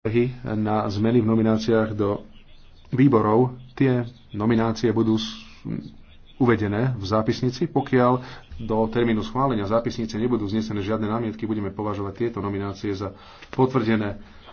návrhy na zmeny v nomináciách do výborov. Tie nominácie budú uvedené v zápisnici. Pokiaľ do termínu schválenia zápisnice nebudú znesené žiadne námietky, budeme považovať tieto nominácie za potvrdené.